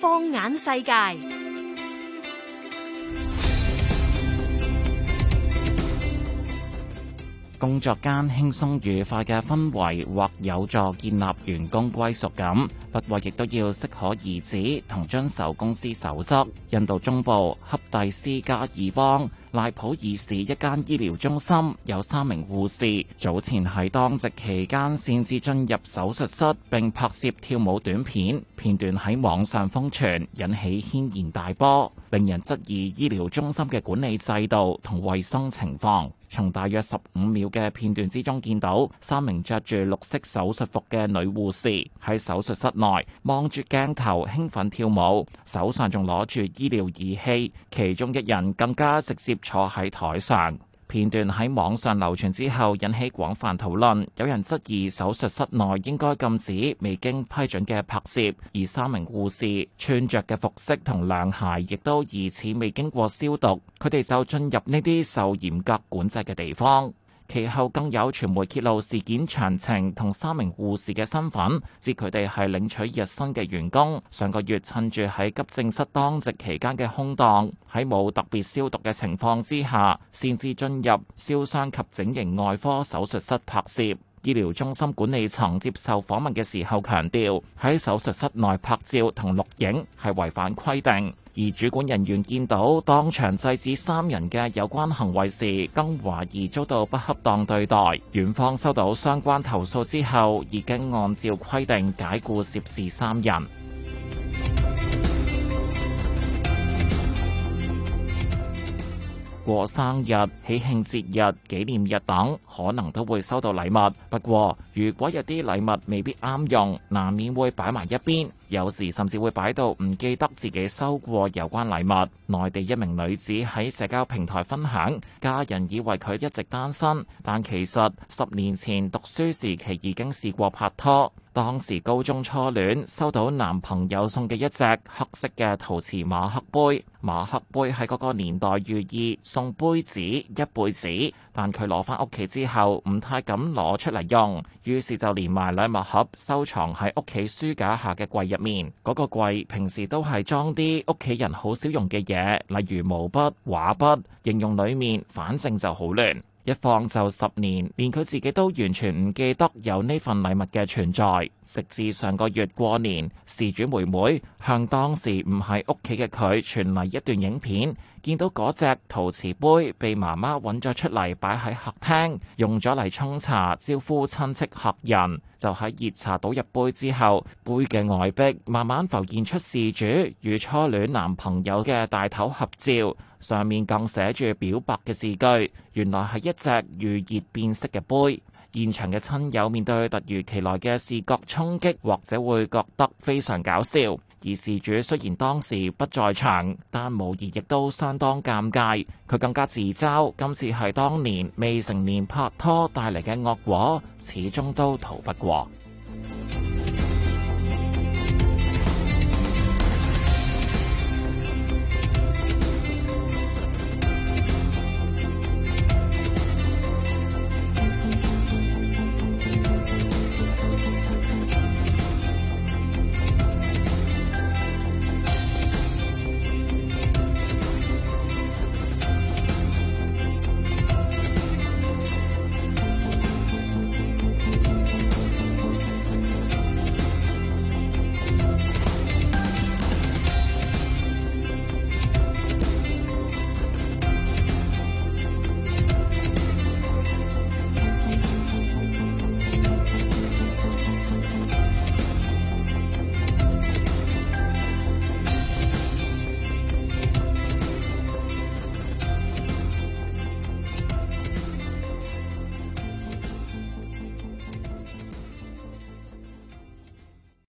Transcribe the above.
放眼世界。工作間輕鬆愉快嘅氛圍或有助建立員工歸屬感，不過亦都要適可而止，同遵守公司守則。印度中部恰蒂斯加爾邦賴普爾市一間醫療中心有三名護士，早前喺當值期間擅自進入手術室並拍攝跳舞短片，片段喺網上瘋傳，引起軒然大波，令人質疑醫療中心嘅管理制度同衞生情況。從大約十五秒嘅片段之中，見到三名着住綠色手術服嘅女護士喺手術室內望住鏡頭興奮跳舞，手上仲攞住醫療儀器，其中一人更加直接坐喺台上。片段喺網上流傳之後，引起廣泛討論。有人質疑手術室內應該禁止未經批准嘅拍攝，而三名護士穿着嘅服飾同涼鞋，亦都疑似未經過消毒。佢哋就進入呢啲受嚴格管制嘅地方。其後更有傳媒揭露事件詳情同三名護士嘅身份，指佢哋係領取日薪嘅員工，上個月趁住喺急症室當值期間嘅空檔，喺冇特別消毒嘅情況之下，先至進入燒傷及整形外科手術室拍攝。醫療中心管理層接受訪問嘅時候強調，喺手術室內拍照同錄影係違反規定，而主管人員見到當場制止三人嘅有關行為時，更懷疑遭到不恰當對待。院方收到相關投訴之後已經按照規定解僱涉事三人。過生日、喜慶節日、紀念日等，可能都會收到禮物。不過，如果有啲禮物未必啱用，難免會擺埋一邊。有時甚至會擺到唔記得自己收過有關禮物。內地一名女子喺社交平台分享，家人以為佢一直單身，但其實十年前讀書時期已經試過拍拖。當時高中初戀收到男朋友送嘅一隻黑色嘅陶瓷馬克杯。馬克杯喺嗰個年代寓意送杯子一輩子，但佢攞翻屋企之後唔太敢攞出嚟用，於是就連埋禮物盒收藏喺屋企書架下嘅櫃入。面嗰個櫃平時都係裝啲屋企人好少用嘅嘢，例如毛筆、畫筆，形容裏面反正就好亂，一放就十年，連佢自己都完全唔記得有呢份禮物嘅存在。直至上個月過年，事主妹妹向當時唔喺屋企嘅佢傳嚟一段影片，見到嗰隻陶瓷杯被媽媽揾咗出嚟擺喺客廳，用咗嚟沖茶、招呼親戚客人。就喺熱茶倒入杯之後，杯嘅外壁慢慢浮現出事主與初戀男朋友嘅大頭合照，上面更寫住表白嘅字句。原來係一隻遇熱變色嘅杯。現場嘅親友面對突如其來嘅視覺衝擊，或者會覺得非常搞笑。而事主雖然當時不在場，但無疑亦都相當尷尬。佢更加自嘲，今次係當年未成年拍拖帶嚟嘅惡果，始終都逃不過。